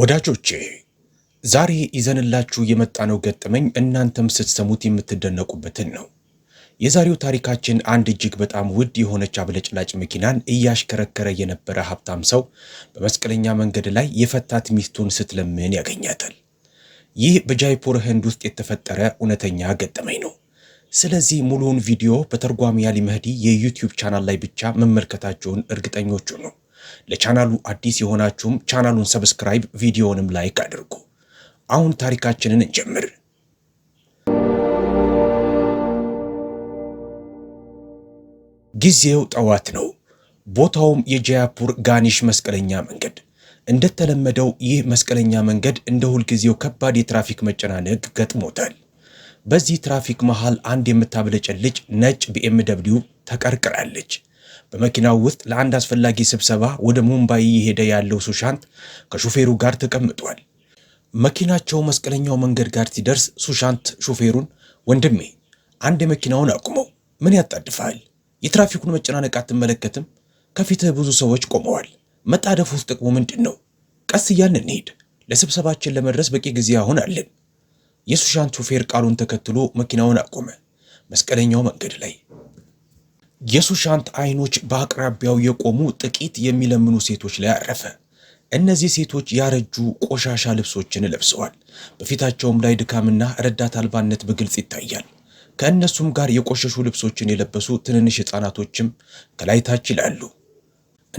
ወዳጆቼ ዛሬ ይዘንላችሁ የመጣነው ገጠመኝ እናንተም ስትሰሙት የምትደነቁበትን ነው። የዛሬው ታሪካችን አንድ እጅግ በጣም ውድ የሆነች አብለጭላጭ መኪናን እያሽከረከረ የነበረ ሀብታም ሰው በመስቀለኛ መንገድ ላይ የፈታት ሚስቱን ስትለምን ያገኛታል። ይህ በጃይፑር ህንድ ውስጥ የተፈጠረ እውነተኛ ገጠመኝ ነው። ስለዚህ ሙሉውን ቪዲዮ በተርጓሚ ያሊ መህዲ የዩቲዩብ ቻናል ላይ ብቻ መመልከታቸውን እርግጠኞቹ ነው። ለቻናሉ አዲስ የሆናችሁም ቻናሉን ሰብስክራይብ፣ ቪዲዮንም ላይክ አድርጉ። አሁን ታሪካችንን እንጀምር። ጊዜው ጠዋት ነው። ቦታውም የጃያፑር ጋኒሽ መስቀለኛ መንገድ። እንደተለመደው ይህ መስቀለኛ መንገድ እንደ ሁልጊዜው ከባድ የትራፊክ መጨናነቅ ገጥሞታል። በዚህ ትራፊክ መሃል አንድ የምታብለጨልጭ ነጭ ቢኤምደብሊው ተቀርቅራለች። በመኪናው ውስጥ ለአንድ አስፈላጊ ስብሰባ ወደ ሙምባይ እየሄደ ያለው ሱሻንት ከሹፌሩ ጋር ተቀምጧል። መኪናቸው መስቀለኛው መንገድ ጋር ሲደርስ ሱሻንት ሹፌሩን ወንድሜ፣ አንድ የመኪናውን አቁመው። ምን ያጣድፋል? የትራፊኩን መጨናነቅ አትመለከትም? ከፊትህ ብዙ ሰዎች ቆመዋል። መጣደፍ ውስጥ ጥቅሙ ምንድን ነው? ቀስ እያልን እንሄድ። ለስብሰባችን ለመድረስ በቂ ጊዜ አሁን አለን። የሱሻንት ሹፌር ቃሉን ተከትሎ መኪናውን አቆመ። መስቀለኛው መንገድ ላይ የሱሻንት አይኖች በአቅራቢያው የቆሙ ጥቂት የሚለምኑ ሴቶች ላይ አረፈ። እነዚህ ሴቶች ያረጁ ቆሻሻ ልብሶችን ለብሰዋል። በፊታቸውም ላይ ድካምና ረዳት አልባነት በግልጽ ይታያል። ከእነሱም ጋር የቆሸሹ ልብሶችን የለበሱ ትንንሽ ሕፃናቶችም ከላይ ታች ይላሉ።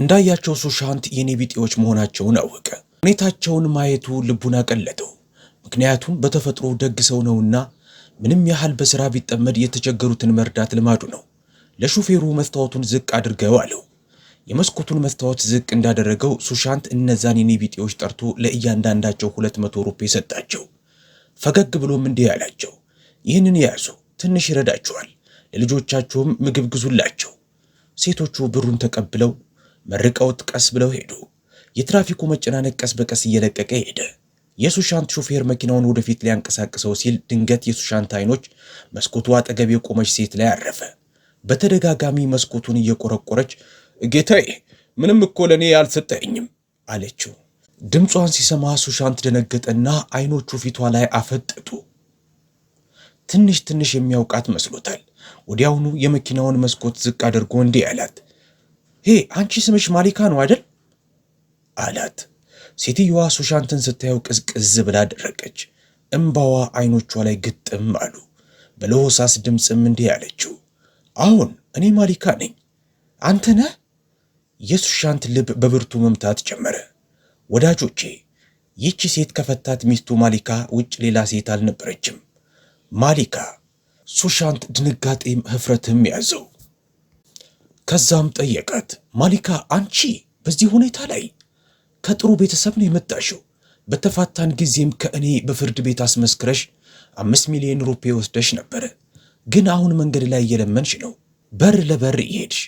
እንዳያቸው ሱሻንት የኔ ቢጤዎች መሆናቸውን አወቀ። ሁኔታቸውን ማየቱ ልቡን አቀለጠው። ምክንያቱም በተፈጥሮ ደግ ሰው ነውና ምንም ያህል በሥራ ቢጠመድ የተቸገሩትን መርዳት ልማዱ ነው። ለሹፌሩ መስታወቱን ዝቅ አድርገው አለው። የመስኮቱን መስታወት ዝቅ እንዳደረገው ሱሻንት እነዛን የኔ ቢጤዎች ጠርቶ ለእያንዳንዳቸው ሁለት መቶ ሩፔ ሰጣቸው። ፈገግ ብሎም እንዲህ አላቸው፣ ይህንን የያዙ ትንሽ ይረዳቸዋል። ለልጆቻቸውም ምግብ ግዙላቸው። ሴቶቹ ብሩን ተቀብለው መርቀውት ቀስ ብለው ሄዱ። የትራፊኩ መጨናነቅ ቀስ በቀስ እየለቀቀ ሄደ። የሱሻንት ሾፌር መኪናውን ወደፊት ሊያንቀሳቅሰው ሲል ድንገት የሱሻንት አይኖች መስኮቱ አጠገብ የቆመች ሴት ላይ አረፈ። በተደጋጋሚ መስኮቱን እየቆረቆረች ጌታዬ፣ ምንም እኮ ለእኔ አልሰጠኝም አለችው። ድምጿን ሲሰማ ሱሻንት ደነገጠና አይኖቹ ፊቷ ላይ አፈጠጡ። ትንሽ ትንሽ የሚያውቃት መስሎታል። ወዲያውኑ የመኪናውን መስኮት ዝቅ አድርጎ እንዲህ አላት፣ ሄ አንቺ ስምሽ ማሊካ ነው አይደል? አላት። ሴትየዋ ሱሻንትን ስታየው ቅዝቅዝ ብላ ደረቀች። እምባዋ አይኖቿ ላይ ግጥም አሉ። በለሆሳስ ድምፅም እንዲህ አለችው አሁን እኔ ማሊካ ነኝ። አንተ ነህ? የሱሻንት ልብ በብርቱ መምታት ጀመረ። ወዳጆቼ፣ ይቺ ሴት ከፈታት ሚስቱ ማሊካ ውጭ ሌላ ሴት አልነበረችም። ማሊካ። ሱሻንት ድንጋጤም ህፍረትም ያዘው። ከዛም ጠየቃት፣ ማሊካ አንቺ በዚህ ሁኔታ ላይ ከጥሩ ቤተሰብ ነው የመጣሽው። በተፋታን ጊዜም ከእኔ በፍርድ ቤት አስመስክረሽ አምስት ሚሊዮን ሩፔ ወስደሽ ነበረ ግን አሁን መንገድ ላይ እየለመንሽ ነው፣ በር ለበር እየሄድሽ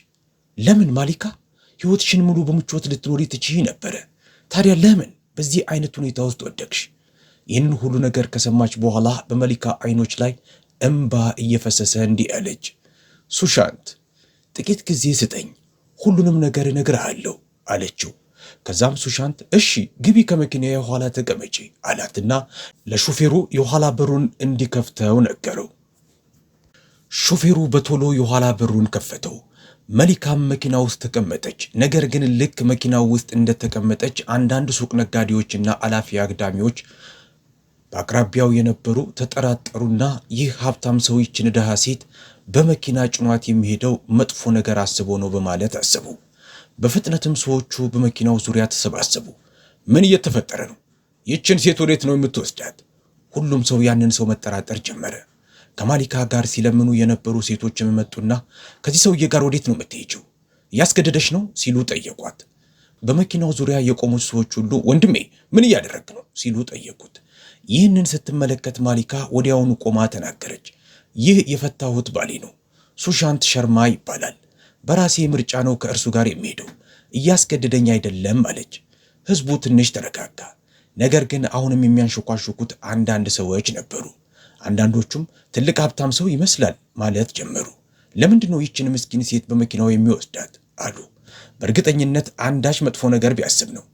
ለምን? ማሊካ ሕይወትሽን ሙሉ በምቾት ልትኖሪ ትችይ ነበረ። ታዲያ ለምን በዚህ አይነት ሁኔታ ውስጥ ወደቅሽ? ይህንን ሁሉ ነገር ከሰማች በኋላ በመሊካ አይኖች ላይ እምባ እየፈሰሰ እንዲህ አለች። ሱሻንት ጥቂት ጊዜ ስጠኝ፣ ሁሉንም ነገር እነግርሃለሁ አለችው። ከዛም ሱሻንት እሺ ግቢ፣ ከመኪና የኋላ ተቀመጪ አላትና ለሹፌሩ የኋላ በሩን እንዲከፍተው ነገረው። ሾፌሩ በቶሎ የኋላ በሩን ከፈተው። መሊካም መኪና ውስጥ ተቀመጠች። ነገር ግን ልክ መኪናው ውስጥ እንደተቀመጠች አንዳንድ ሱቅ ነጋዴዎችና አላፊ አግዳሚዎች በአቅራቢያው የነበሩ ተጠራጠሩና ይህ ሀብታም ሰው ይችን ድሃ ሴት በመኪና ጭኗት የሚሄደው መጥፎ ነገር አስቦ ነው በማለት አሰቡ። በፍጥነትም ሰዎቹ በመኪናው ዙሪያ ተሰባሰቡ። ምን እየተፈጠረ ነው? ይችን ሴት ወዴት ነው የምትወስዳት? ሁሉም ሰው ያንን ሰው መጠራጠር ጀመረ። ከማሊካ ጋር ሲለምኑ የነበሩ ሴቶች መጡና ከዚህ ሰውዬ ጋር ወዴት ነው የምትሄጂው? እያስገደደች ነው ሲሉ ጠየቋት። በመኪናው ዙሪያ የቆሙት ሰዎች ሁሉ ወንድሜ ምን እያደረግ ነው ሲሉ ጠየቁት። ይህንን ስትመለከት ማሊካ ወዲያውኑ ቆማ ተናገረች። ይህ የፈታሁት ባሌ ነው፣ ሱሻንት ሸርማ ይባላል። በራሴ ምርጫ ነው ከእርሱ ጋር የሚሄደው፣ እያስገደደኝ አይደለም አለች። ህዝቡ ትንሽ ተረጋጋ። ነገር ግን አሁንም የሚያንሸኳሽኩት አንዳንድ ሰዎች ነበሩ። አንዳንዶቹም ትልቅ ሀብታም ሰው ይመስላል ማለት ጀመሩ። ለምንድን ነው ይችን ምስኪን ሴት በመኪናው የሚወስዳት አሉ። በእርግጠኝነት አንዳች መጥፎ ነገር ቢያስብ ነው።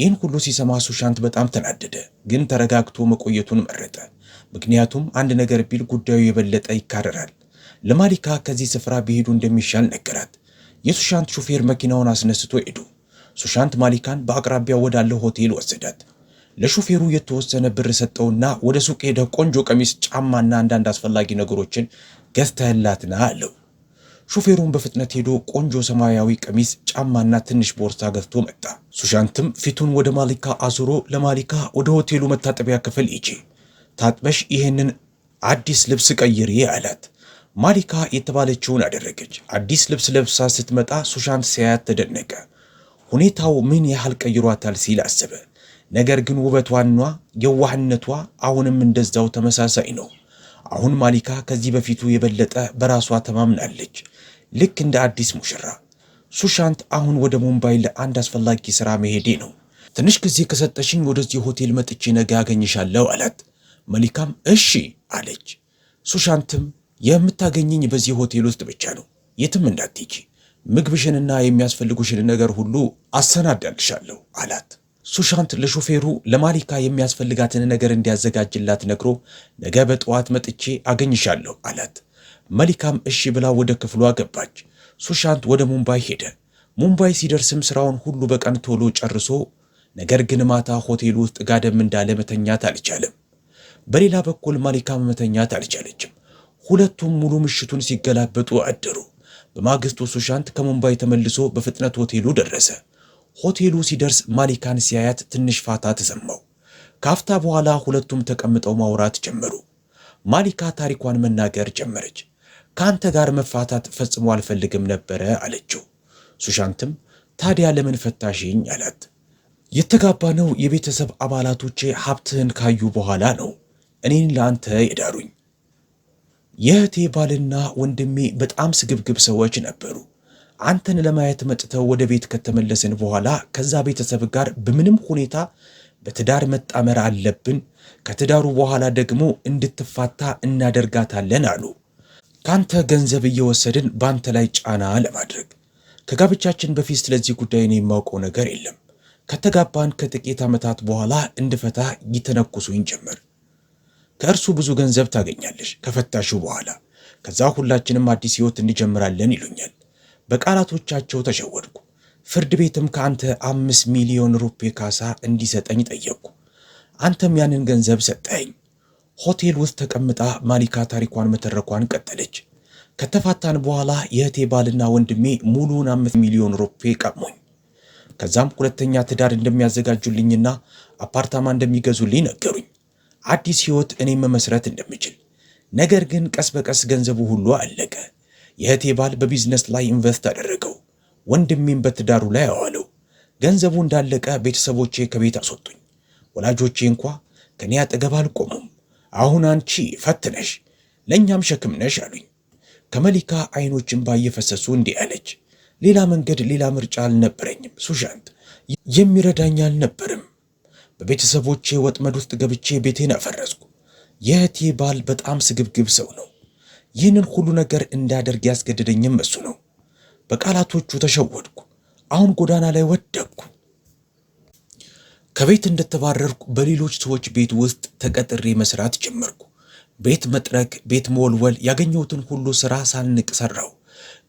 ይህን ሁሉ ሲሰማ ሱሻንት በጣም ተናደደ፣ ግን ተረጋግቶ መቆየቱን መረጠ። ምክንያቱም አንድ ነገር ቢል ጉዳዩ የበለጠ ይካረራል። ለማሊካ ከዚህ ስፍራ ቢሄዱ እንደሚሻል ነገራት። የሱሻንት ሹፌር መኪናውን አስነስቶ ሄዱ። ሱሻንት ማሊካን በአቅራቢያው ወዳለው ሆቴል ወሰዳት። ለሹፌሩ የተወሰነ ብር ሰጠውና ወደ ሱቅ ሄደህ ቆንጆ ቀሚስ፣ ጫማና አንዳንድ አስፈላጊ ነገሮችን ገዝተህላት ና አለው። ሹፌሩን በፍጥነት ሄዶ ቆንጆ ሰማያዊ ቀሚስ፣ ጫማና ትንሽ ቦርሳ ገዝቶ መጣ። ሱሻንትም ፊቱን ወደ ማሊካ አዙሮ ለማሊካ ወደ ሆቴሉ መታጠቢያ ክፍል ሂጂ፣ ታጥበሽ ይህንን አዲስ ልብስ ቀይሪ አላት። ማሊካ የተባለችውን አደረገች። አዲስ ልብስ ለብሳ ስትመጣ ሱሻንት ሲያያት ተደነቀ። ሁኔታው ምን ያህል ቀይሯታል ሲል አስበ? ነገር ግን ውበቷና የዋህነቷ አሁንም እንደዛው ተመሳሳይ ነው። አሁን ማሊካ ከዚህ በፊቱ የበለጠ በራሷ ተማምናለች፣ ልክ እንደ አዲስ ሙሽራ። ሱሻንት አሁን ወደ ሙምባይ ለአንድ አስፈላጊ ሥራ መሄዴ ነው፣ ትንሽ ጊዜ ከሰጠሽኝ ወደዚህ ሆቴል መጥቼ ነገ አገኝሻለሁ አላት። መሊካም እሺ አለች። ሱሻንትም የምታገኘኝ በዚህ ሆቴል ውስጥ ብቻ ነው፣ የትም እንዳትሄጂ፣ ምግብሽንና የሚያስፈልጉሽን ነገር ሁሉ አሰናዳልሻለሁ አላት። ሱሻንት ለሾፌሩ ለማሊካ የሚያስፈልጋትን ነገር እንዲያዘጋጅላት ነግሮ ነገ በጠዋት መጥቼ አገኝሻለሁ አላት። መሊካም እሺ ብላ ወደ ክፍሏ ገባች። ሱሻንት ወደ ሙምባይ ሄደ። ሙምባይ ሲደርስም ስራውን ሁሉ በቀን ቶሎ ጨርሶ ነገር ግን ማታ ሆቴል ውስጥ ጋደም እንዳለ መተኛት አልቻለም። በሌላ በኩል ማሊካም መተኛት አልቻለችም። ሁለቱም ሙሉ ምሽቱን ሲገላበጡ አደሩ። በማግስቱ ሱሻንት ከሙምባይ ተመልሶ በፍጥነት ሆቴሉ ደረሰ። ሆቴሉ ሲደርስ ማሊካን ሲያያት ትንሽ ፋታ ተሰማው። ካፍታ በኋላ ሁለቱም ተቀምጠው ማውራት ጀመሩ። ማሊካ ታሪኳን መናገር ጀመረች። ከአንተ ጋር መፋታት ፈጽሞ አልፈልግም ነበረ አለችው። ሱሻንትም ታዲያ ለምን ፈታሽኝ አላት። የተጋባ ነው የቤተሰብ አባላቶቼ ሀብትህን ካዩ በኋላ ነው እኔን ለአንተ የዳሩኝ። የእህቴ ባልና ወንድሜ በጣም ስግብግብ ሰዎች ነበሩ። አንተን ለማየት መጥተው ወደ ቤት ከተመለስን በኋላ ከዛ ቤተሰብ ጋር በምንም ሁኔታ በትዳር መጣመር አለብን፣ ከትዳሩ በኋላ ደግሞ እንድትፋታ እናደርጋታለን አሉ። ካንተ ገንዘብ እየወሰድን በአንተ ላይ ጫና ለማድረግ ከጋብቻችን በፊት ስለዚህ ጉዳይ እኔ የማውቀው ነገር የለም። ከተጋባን ከጥቂት ዓመታት በኋላ እንድፈታ ይተነኩሱኝ ጀመር። ከእርሱ ብዙ ገንዘብ ታገኛለሽ ከፈታሹ በኋላ፣ ከዛ ሁላችንም አዲስ ሕይወት እንጀምራለን ይሉኛል። በቃላቶቻቸው ተሸወድኩ። ፍርድ ቤትም ከአንተ አምስት ሚሊዮን ሩፔ ካሳ እንዲሰጠኝ ጠየቅኩ። አንተም ያንን ገንዘብ ሰጠኝ። ሆቴል ውስጥ ተቀምጣ ማሊካ ታሪኳን መተረኳን ቀጠለች። ከተፋታን በኋላ የእህቴ ባልና ወንድሜ ሙሉውን አምስት ሚሊዮን ሩፔ ቀሞኝ ከዛም ሁለተኛ ትዳር እንደሚያዘጋጁልኝና አፓርታማ እንደሚገዙልኝ ነገሩኝ። አዲስ ሕይወት እኔም መመስረት እንደምችል ነገር ግን ቀስ በቀስ ገንዘቡ ሁሉ አለቀ። የእህቴ ባል በቢዝነስ ላይ ኢንቨስት አደረገው። ወንድሜም በትዳሩ ላይ አዋለው። ገንዘቡ እንዳለቀ ቤተሰቦቼ ከቤት አስወጡኝ። ወላጆቼ እንኳ ከኔ አጠገብ አልቆሙም። አሁን አንቺ ፈትነሽ ለእኛም ሸክም ነሽ አሉኝ። ከመሊካ አይኖች እንባ እየፈሰሱ እንዲህ አለች። ሌላ መንገድ ሌላ ምርጫ አልነበረኝም። ሱሻንት የሚረዳኝ አልነበርም። በቤተሰቦቼ ወጥመድ ውስጥ ገብቼ ቤቴን አፈረስኩ። የእህቴ ባል በጣም ስግብግብ ሰው ነው። ይህንን ሁሉ ነገር እንዳደርግ ያስገደደኝም እሱ ነው። በቃላቶቹ ተሸወድኩ። አሁን ጎዳና ላይ ወደቅኩ። ከቤት እንደተባረርኩ በሌሎች ሰዎች ቤት ውስጥ ተቀጥሬ መስራት ጀመርኩ። ቤት መጥረግ፣ ቤት መወልወል፣ ያገኘሁትን ሁሉ ስራ ሳልንቅ ሰራው።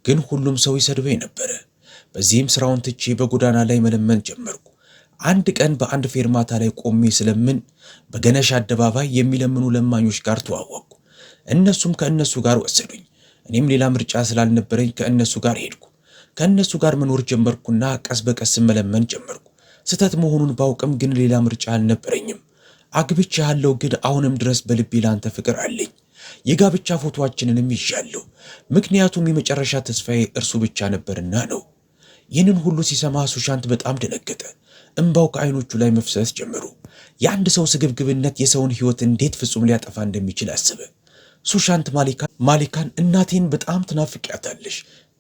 ግን ሁሉም ሰው ይሰድበኝ ነበረ። በዚህም ስራውን ትቼ በጎዳና ላይ መለመን ጀመርኩ። አንድ ቀን በአንድ ፌርማታ ላይ ቆሜ ስለምን በገነሽ አደባባይ የሚለምኑ ለማኞች ጋር ተዋወቅኩ። እነሱም ከእነሱ ጋር ወሰዱኝ። እኔም ሌላ ምርጫ ስላልነበረኝ ከእነሱ ጋር ሄድኩ። ከእነሱ ጋር መኖር ጀመርኩና ቀስ በቀስ መለመን ጀመርኩ። ስተት መሆኑን ባውቅም ግን ሌላ ምርጫ አልነበረኝም። ያለው ግን አሁንም ድረስ በልቤ ላንተ ፍቅር አለኝ። የጋብቻ ፎቶአችንንም ይዣለሁ። ምክንያቱም የመጨረሻ ተስፋዬ እርሱ ብቻ ነበርና ነው። ይህንን ሁሉ ሲሰማ ሱሻንት በጣም ደነገጠ። እምባው ከዓይኖቹ ላይ መፍሰስ ጀመሩ። የአንድ ሰው ስግብግብነት የሰውን ሕይወት እንዴት ፍጹም ሊያጠፋ እንደሚችል አስበ። ሱሻንት ማሊካ ማሊካን እናቴን በጣም ትናፍቂያታለሽ፣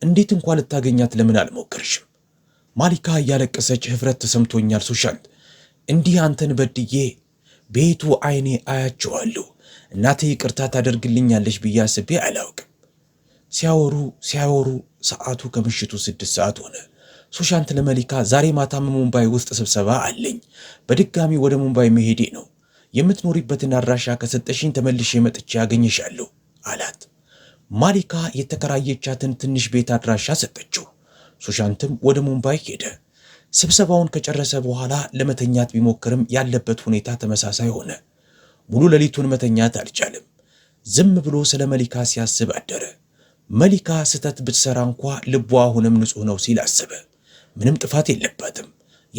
እንዴት እንኳ ልታገኛት ለምን አልሞከርሽም? ማሊካ እያለቀሰች ህፍረት ተሰምቶኛል ሱሻንት፣ እንዲህ አንተን በድዬ ቤቱ አይኔ አያቸዋለሁ። እናቴ ይቅርታ ታደርግልኛለች ብዬ አስቤ አላውቅም። ሲያወሩ ሲያወሩ ሰዓቱ ከምሽቱ ስድስት ሰዓት ሆነ። ሱሻንት ለመሊካ ዛሬ ማታም ሙምባይ ውስጥ ስብሰባ አለኝ፣ በድጋሚ ወደ ሙምባይ መሄዴ ነው የምትኖሪበትን አድራሻ ከሰጠሽኝ ተመልሼ መጥቼ ያገኘሻለሁ አላት። ማሊካ የተከራየቻትን ትንሽ ቤት አድራሻ ሰጠችው። ሱሻንትም ወደ ሙምባይ ሄደ። ስብሰባውን ከጨረሰ በኋላ ለመተኛት ቢሞክርም ያለበት ሁኔታ ተመሳሳይ ሆነ። ሙሉ ሌሊቱን መተኛት አልቻለም። ዝም ብሎ ስለ መሊካ ሲያስብ አደረ። መሊካ ስህተት ብትሰራ እንኳ ልቧ አሁንም ንጹሕ ነው ሲል አሰበ። ምንም ጥፋት የለባትም።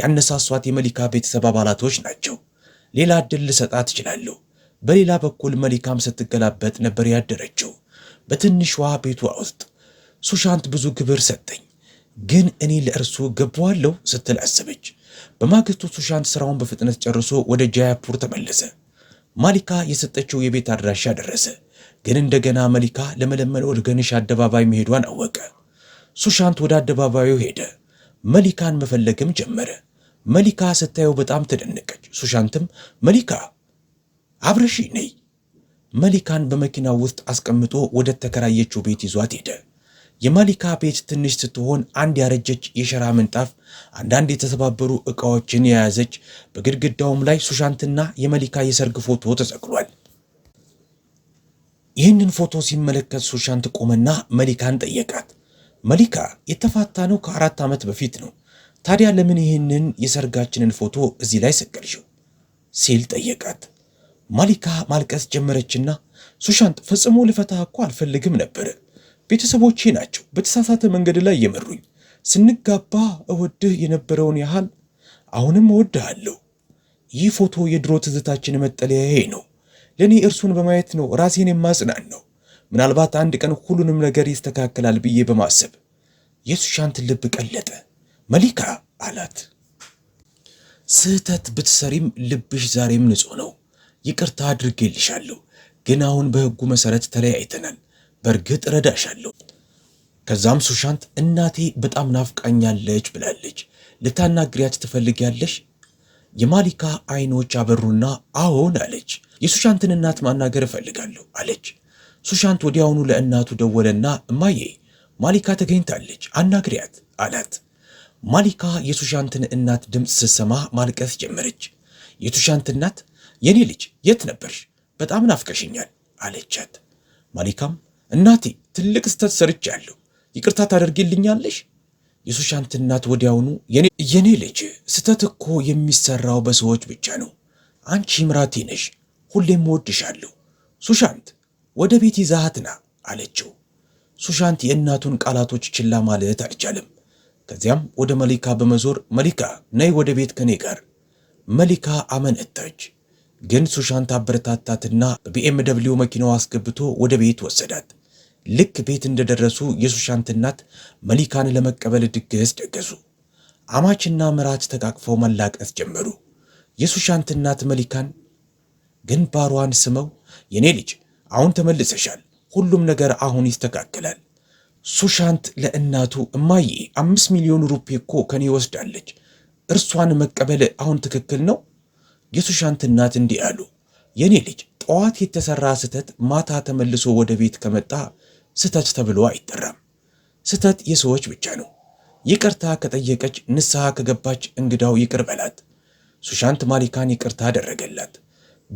ያነሳሷት የመሊካ ቤተሰብ አባላቶች ናቸው። ሌላ እድል ልሰጣት እችላለሁ። በሌላ በኩል መሊካም ስትገላበጥ ነበር ያደረችው በትንሿ ቤቷ ውስጥ። ሱሻንት ብዙ ግብር ሰጠኝ፣ ግን እኔ ለእርሱ ገባዋለሁ ስትል አሰበች። በማግስቱ ሱሻንት ስራውን በፍጥነት ጨርሶ ወደ ጃያፑር ተመለሰ። ማሊካ የሰጠችው የቤት አድራሻ ደረሰ። ግን እንደገና መሊካ ለመለመን ወደ ገንሽ አደባባይ መሄዷን አወቀ። ሱሻንት ወደ አደባባዩ ሄደ። መሊካን መፈለግም ጀመረ። መሊካ ስታየው በጣም ተደነቀች። ሱሻንትም መሊካ አብረሺ ነይ። መሊካን በመኪና ውስጥ አስቀምጦ ወደ ተከራየችው ቤት ይዟት ሄደ። የመሊካ ቤት ትንሽ ስትሆን አንድ ያረጀች የሸራ ምንጣፍ፣ አንዳንድ የተሰባበሩ ዕቃዎችን የያዘች፣ በግድግዳውም ላይ ሱሻንትና የመሊካ የሰርግ ፎቶ ተሰቅሏል። ይህንን ፎቶ ሲመለከት ሱሻንት ቆመና መሊካን ጠየቃት። መሊካ የተፋታ ነው ከአራት ዓመት በፊት ነው ታዲያ ለምን ይህንን የሰርጋችንን ፎቶ እዚህ ላይ ሰቀልሽው? ሲል ጠየቃት። ማሊካ ማልቀስ ጀመረችና ሱሻንት ፈጽሞ ልፈታ እኮ አልፈልግም ነበር! ቤተሰቦቼ ናቸው በተሳሳተ መንገድ ላይ የመሩኝ። ስንጋባ እወድህ የነበረውን ያህል አሁንም እወድሃለሁ። ይህ ፎቶ የድሮ ትዝታችን መጠለያዬ ነው። ለእኔ እርሱን በማየት ነው ራሴን የማጽናን ነው። ምናልባት አንድ ቀን ሁሉንም ነገር ይስተካከላል ብዬ በማሰብ የሱሻንት ልብ ቀለጠ። መሊካ አላት። ስህተት ብትሰሪም ልብሽ ዛሬም ንጹሕ ነው። ይቅርታ አድርጌልሻለሁ፣ ግን አሁን በህጉ መሰረት ተለያይተናል። በእርግጥ ረዳሻለሁ። ከዛም ሱሻንት እናቴ በጣም ናፍቃኛለች ብላለች፣ ልታናግሪያት ትፈልጊያለሽ? የማሊካ አይኖች አበሩና አዎን አለች። የሱሻንትን እናት ማናገር እፈልጋለሁ አለች። ሱሻንት ወዲያውኑ ለእናቱ ደወለና እማዬ ማሊካ ተገኝታለች፣ አናግሪያት አላት። ማሊካ የሱሻንትን እናት ድምፅ ስትሰማ ማልቀስ ጀመረች። የሱሻንት እናት የኔ ልጅ የት ነበርሽ? በጣም ናፍቀሽኛል አለቻት። ማሊካም እናቴ ትልቅ ስተት ሰርቻለሁ፣ ይቅርታ ታደርግልኛለሽ? የሱሻንት እናት ወዲያውኑ የኔ ልጅ ስተት እኮ የሚሰራው በሰዎች ብቻ ነው። አንቺ ምራቴ ነሽ፣ ሁሌም እወድሻለሁ። ሱሻንት ወደ ቤት ይዛሃትና አለችው። ሱሻንት የእናቱን ቃላቶች ችላ ማለት አልቻለም። ከዚያም ወደ መሊካ በመዞር መሊካ ነይ ወደ ቤት ከኔ ጋር። መሊካ አመነታች፣ ግን ሱሻንት ታበረታታትና በቢኤም ደብሊው መኪናዋ አስገብቶ ወደ ቤት ወሰዳት። ልክ ቤት እንደደረሱ የሱሻንት እናት መሊካን ለመቀበል ድግስ ደገሱ። አማችና ምራት ተቃቅፈው መላቀስ ጀመሩ። የሱሻንት እናት መሊካን ግንባሯን ስመው የኔ ልጅ አሁን ተመልሰሻል፣ ሁሉም ነገር አሁን ይስተካከላል ሱሻንት ለእናቱ እማዬ አምስት ሚሊዮን ሩፔ እኮ ከኔ ወስዳለች፣ እርሷን መቀበል አሁን ትክክል ነው? የሱሻንት እናት እንዲህ አሉ። የኔ ልጅ ጠዋት የተሰራ ስህተት ማታ ተመልሶ ወደ ቤት ከመጣ ስህተት ተብሎ አይጠራም። ስህተት የሰዎች ብቻ ነው። ይቅርታ ከጠየቀች ንስሐ ከገባች እንግዳው ይቅር በላት። ሱሻንት ማሊካን ይቅርታ አደረገላት፣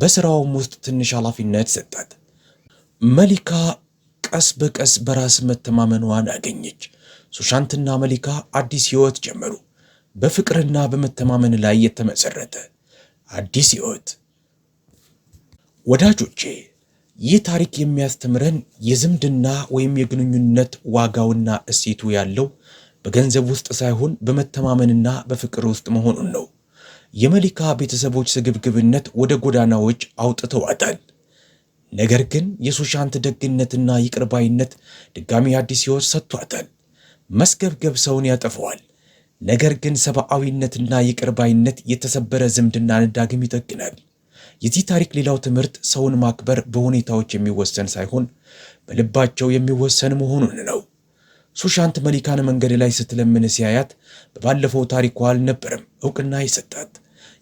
በሥራውም ውስጥ ትንሽ ኃላፊነት ሰጣት። መሊካ ቀስ በቀስ በራስ መተማመኗን አገኘች። ሱሻንትና መሊካ አዲስ ሕይወት ጀመሩ። በፍቅርና በመተማመን ላይ የተመሠረተ አዲስ ሕይወት። ወዳጆቼ ይህ ታሪክ የሚያስተምረን የዝምድና ወይም የግንኙነት ዋጋውና እሴቱ ያለው በገንዘብ ውስጥ ሳይሆን በመተማመንና በፍቅር ውስጥ መሆኑን ነው። የመሊካ ቤተሰቦች ስግብግብነት ወደ ጎዳናዎች አውጥተዋታል። ነገር ግን የሱሻንት ደግነትና ይቅርባይነት ድጋሚ አዲስ ሕይወት ሰጥቷታል። መስገብገብ ሰውን ያጠፈዋል። ነገር ግን ሰብአዊነትና ይቅርባይነት የተሰበረ ዝምድናን ዳግም ይጠግናል። የዚህ ታሪክ ሌላው ትምህርት ሰውን ማክበር በሁኔታዎች የሚወሰን ሳይሆን በልባቸው የሚወሰን መሆኑን ነው። ሱሻንት መሊካን መንገድ ላይ ስትለምን ሲያያት በባለፈው ታሪኳ አልነበረም እውቅና የሰጣት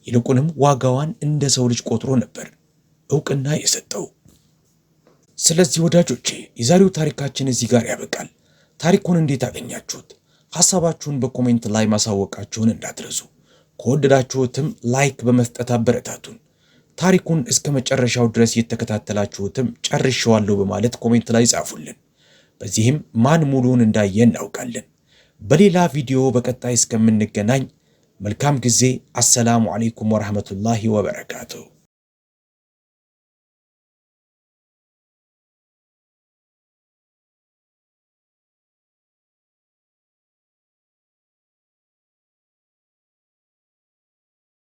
ይልቁንም ዋጋዋን እንደ ሰው ልጅ ቆጥሮ ነበር እውቅና የሰጠው። ስለዚህ ወዳጆቼ የዛሬው ታሪካችን እዚህ ጋር ያበቃል። ታሪኩን እንዴት አገኛችሁት? ሐሳባችሁን በኮሜንት ላይ ማሳወቃችሁን እንዳትረሱ። ከወደዳችሁትም ላይክ በመስጠት አበረታቱን። ታሪኩን እስከ መጨረሻው ድረስ የተከታተላችሁትም ጨርሼዋለሁ በማለት ኮሜንት ላይ ጻፉልን። በዚህም ማን ሙሉውን እንዳየ እናውቃለን። በሌላ ቪዲዮ በቀጣይ እስከምንገናኝ መልካም ጊዜ። አሰላሙ አለይኩም ወራህመቱላሂ ወበረካቱሁ።